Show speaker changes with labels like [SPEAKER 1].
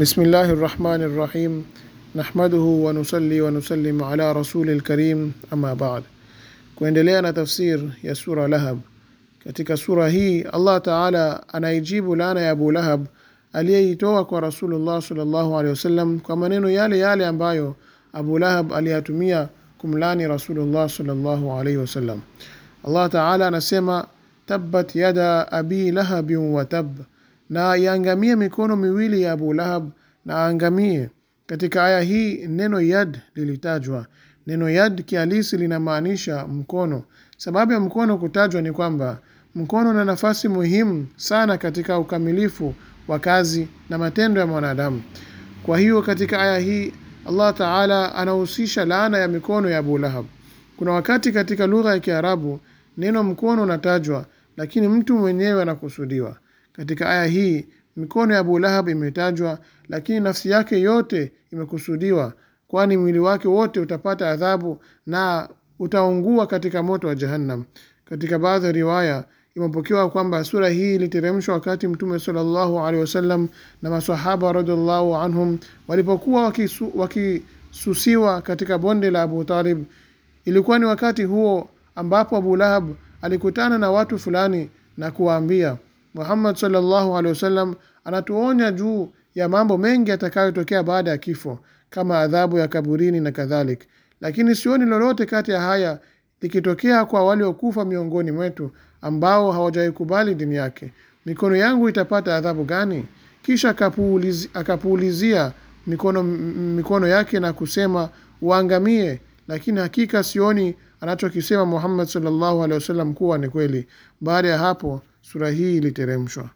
[SPEAKER 1] بسم الله الرحمن الرحيم نحمده ونصلي ونسلم على rasul الكريم أما بعد kuendelea na tafsir ya sura Lahab katika sura hii Allah Taala anaijibu laana ya Abu Lahab aliyeitoa kwa Rasulullah sallallahu alaihi wasallam kwa maneno yale yale ambayo Abu Lahab aliyatumia kumlani Rasulullah sallallahu alaihi wasallam Allah Taala anasema tabbat yada abi lahabin wa tabba na iangamie mikono miwili ya Abu Lahab na aangamie. Katika aya hii neno yad lilitajwa. Neno yad kihalisi linamaanisha mkono. Sababu ya mkono kutajwa ni kwamba mkono una nafasi muhimu sana katika ukamilifu wa kazi na matendo ya mwanadamu. Kwa hiyo katika aya hii Allah Taala anahusisha laana ya mikono ya Abu Lahab. Kuna wakati katika lugha ya Kiarabu neno mkono unatajwa, lakini mtu mwenyewe anakusudiwa. Katika aya hii mikono ya Abu Lahab imetajwa lakini nafsi yake yote imekusudiwa kwani mwili wake wote utapata adhabu na utaungua katika moto wa Jahannam. Katika baadhi ya riwaya imepokewa kwamba sura hii iliteremshwa wakati Mtume sallallahu alaihi wasallam na maswahaba radhiallahu anhum walipokuwa wakisu, wakisusiwa katika bonde la Abu Talib. Ilikuwa ni wakati huo ambapo Abu Lahab alikutana na watu fulani na kuwaambia Muhammad sallallahu alaihi wasallam anatuonya juu ya mambo mengi yatakayotokea baada ya kifo kama adhabu ya kaburini na kadhalik. Lakini sioni lolote kati ya haya likitokea kwa waliokufa miongoni mwetu ambao hawajaikubali dini yake. Mikono yangu itapata adhabu gani? Kisha akapuuliz, akapuulizia mikono, mikono yake na kusema uangamie, Lakini hakika sioni anachokisema Muhammad sallallahu alaihi wasallam kuwa ni kweli. Baada ya hapo sura hii iliteremshwa.